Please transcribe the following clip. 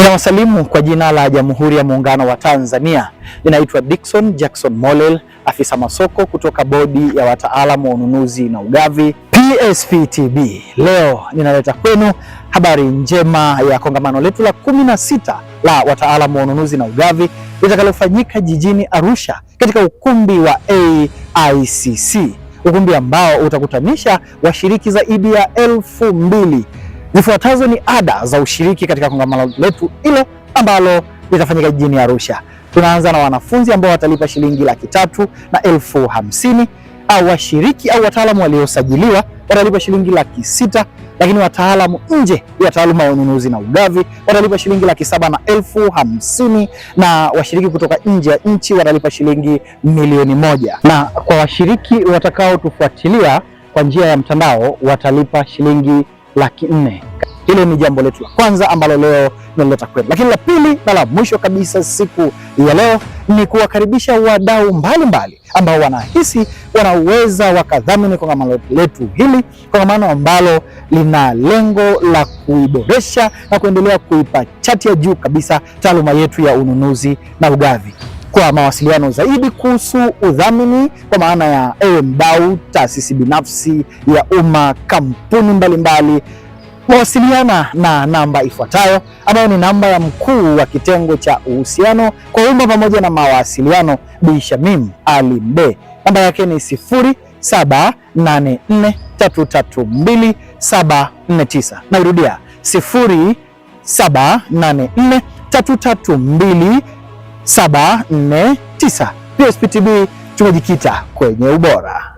Ninawasalimu kwa jina la Jamhuri ya Muungano wa Tanzania. Ninaitwa Dickson Jackson Molel, afisa masoko kutoka Bodi ya Wataalamu wa Ununuzi na Ugavi PSPTB. Leo ninaleta kwenu habari njema ya kongamano letu la kumi na sita la wataalamu wa ununuzi na ugavi litakalofanyika jijini Arusha katika ukumbi wa AICC, ukumbi ambao utakutanisha washiriki zaidi ya elfu mbili Zifuatazo ni ada za ushiriki katika kongamano letu hilo ambalo litafanyika jijini Arusha. Tunaanza na wanafunzi ambao watalipa shilingi laki tatu na elfu hamsini au washiriki au wataalamu waliosajiliwa watalipa shilingi laki sita lakini wataalamu nje ya taaluma ya ununuzi na ugavi watalipa shilingi laki saba na elfu hamsini na washiriki kutoka nje ya nchi watalipa shilingi milioni moja na kwa washiriki watakaotufuatilia kwa njia ya mtandao watalipa shilingi laki nne. Hilo ni jambo letu la kwanza ambalo leo nalileta kwenu, lakini la pili na la mwisho kabisa siku ya leo ni kuwakaribisha wadau mbalimbali ambao wanahisi wanaweza wakadhamini kongamano letu hili, kongamano ambalo lina lengo la kuiboresha na kuendelea kuipa chati ya juu kabisa taaluma yetu ya ununuzi na ugavi. Kwa mawasiliano zaidi kuhusu udhamini kwa maana ya ewe mdau, taasisi binafsi, ya umma, kampuni mbalimbali, mawasiliana na namba ifuatayo ambayo ni namba ya mkuu wa kitengo cha uhusiano kwa umma pamoja na mawasiliano, Bi Shamim Ali Mbe. Namba yake ni tisa. Nairudia 0784332749. 749. PSPTB tumejikita kwenye ubora.